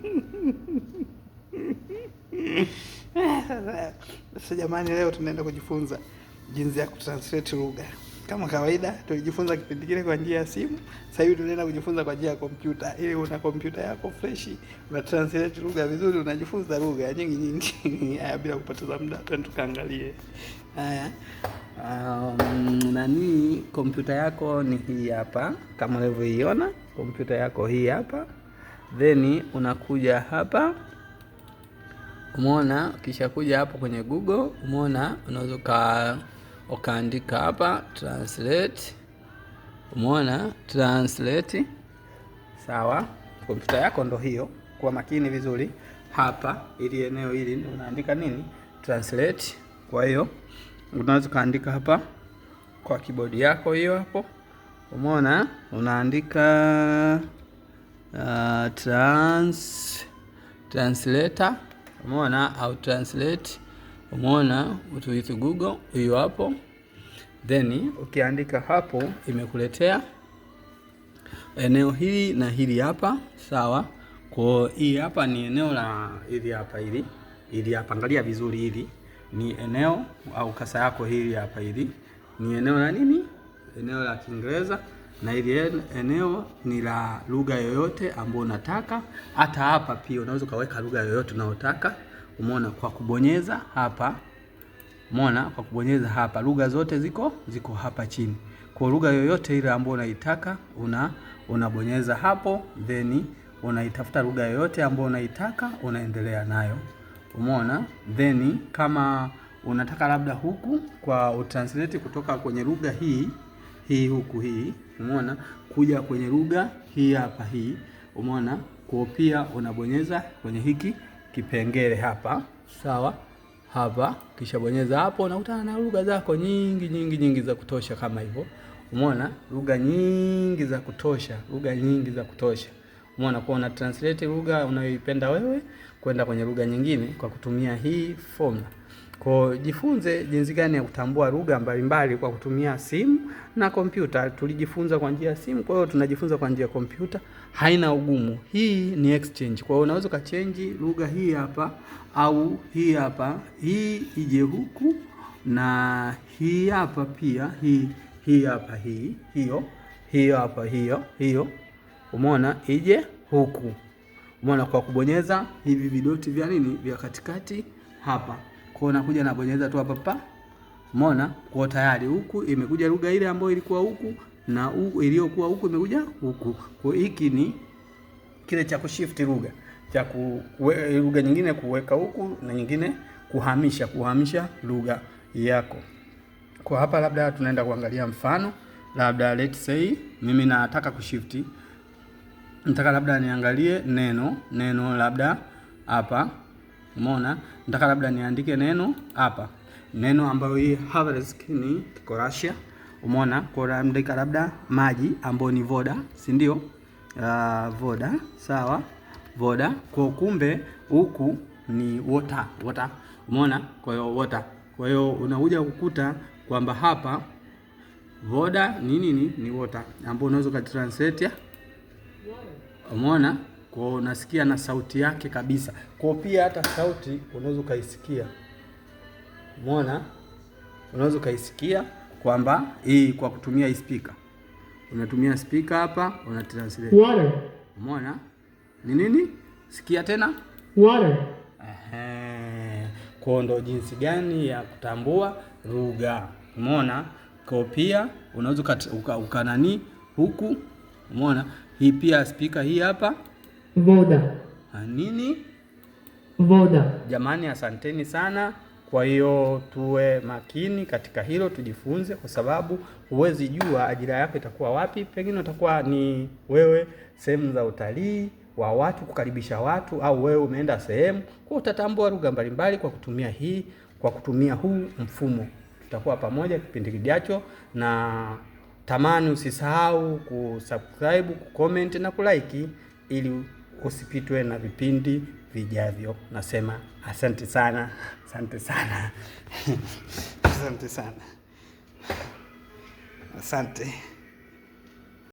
Sasa jamani, leo tunaenda kujifunza jinsi ya kutranslate lugha. Kama kawaida, tulijifunza kipindi kile kwa njia ya simu, sasa hivi tunaenda kujifunza kwa njia ya kompyuta. Ili una kompyuta yako fresh, una translate lugha vizuri, unajifunza lugha nyingi nyingi. Haya, bila kupoteza muda, twende tukaangalie haya. Um, nani kompyuta yako ni hii hapa, kama unavyoiona kompyuta yako hii hapa then unakuja hapa, umeona. Kisha kuja hapo kwenye Google, umeona, unaweza ukaandika hapa translate, umeona translate. Sawa, kompyuta yako ndo hiyo, kwa makini vizuri hapa, ili eneo hili unaandika nini translate. Kwa hiyo unaweza ukaandika hapa kwa kibodi yako hiyo hapo, umeona, unaandika Uh, trans, translator umeona, au translate umeona, utuithi Google hiyo hapo, then ukiandika hapo imekuletea eneo hili na hili hapa, sawa. Kwa hii hapa ni eneo la hili hapa, hili hili hapa, angalia vizuri, hili ni eneo au kasa yako hili hapa, hili ni eneo la nini? Eneo la Kiingereza na ile eneo ni la lugha yoyote ambayo unataka. Hata hapa pia unaweza ukaweka lugha yoyote unayotaka, umeona, kwa kubonyeza hapa, umeona, kwa kubonyeza hapa, lugha zote ziko ziko hapa chini. Kwa lugha yoyote ile ambayo unaitaka una unabonyeza hapo, then unaitafuta lugha yoyote ambayo unaitaka, unaendelea nayo, umeona. Then kama unataka labda huku kwa utranslate kutoka kwenye lugha hii hii huku hii, umeona, kuja kwenye lugha hii hapa hii, umeona, kwa pia unabonyeza kwenye hiki kipengele hapa, sawa hapa, kisha bonyeza hapo, unakutana na lugha zako nyingi nyingi nyingi za kutosha kama hivyo. Umeona lugha nyingi za kutosha, lugha nyingi za kutosha. Umeona kwa una translate lugha unayoipenda wewe kwenda kwenye lugha nyingine kwa kutumia hii formula. Kwa jifunze jinsi gani ya kutambua lugha mbalimbali kwa kutumia simu na kompyuta. Tulijifunza kwa njia ya simu, kwa hiyo tunajifunza kwa njia ya kompyuta, haina ugumu. Hii ni exchange. Kwa hiyo unaweza ukachange lugha hii hapa au hii hapa, hii ije huku na hii hapa pia, hii hii hapa, hii hiyo, hiyo hapa, hiyo hiyo, umeona ije huku, umeona, kwa kubonyeza hivi vidoti vya nini vya katikati hapa. Kwa nakuja na bonyeza tu hapa pa. Umeona? Kwa tayari huku imekuja lugha ile ambayo ilikuwa huku na huku iliyokuwa huku imekuja huku. Kwa hiki ni kile cha kushift lugha, cha lugha nyingine kuweka huku na nyingine kuhamisha, kuhamisha lugha yako. Kwa hapa labda tunaenda kuangalia mfano. Labda let's say mimi nataka kushift, nataka labda niangalie neno neno labda hapa Umeona, nataka labda niandike neno hapa, neno ambayo hii Havelsk ni Kikorasia. Umeona, kwa naandika labda maji ambayo ni voda, si ndio? Uh, voda sawa, voda. Kwa kumbe huku ni water, water. Umeona, kwa hiyo water. Kwa hiyo unakuja kukuta kwamba hapa voda ni nini? Ni water ambayo unaweza ukatranslate. Umeona kwa unasikia na sauti yake kabisa. Kwa pia hata sauti unaweza ukaisikia, umeona, unaweza ukaisikia kwamba hii kwa kutumia hii speaker, unatumia speaker hapa, una translate water, umeona ni nini? Sikia tena water. Ehe, kwa ndo jinsi gani ya kutambua lugha, umeona. Kwa pia unaweza ukanani uka, uka huku umeona, hii pia speaker hii hapa Voda. Ha, nini? Voda. Jamani, asanteni sana. Kwa hiyo tuwe makini katika hilo, tujifunze, kwa sababu huwezi jua ajira yako itakuwa wapi. Pengine utakuwa ni wewe sehemu za utalii wa watu, kukaribisha watu, au wewe umeenda sehemu kwa, utatambua lugha mbalimbali kwa kutumia hii, kwa kutumia huu mfumo. Tutakuwa pamoja kipindi kijacho, na tamani usisahau kusubscribe, kucomment na kulike ili usipitwe na vipindi vijavyo. Nasema asante sana, asante sana, asante sana, asante.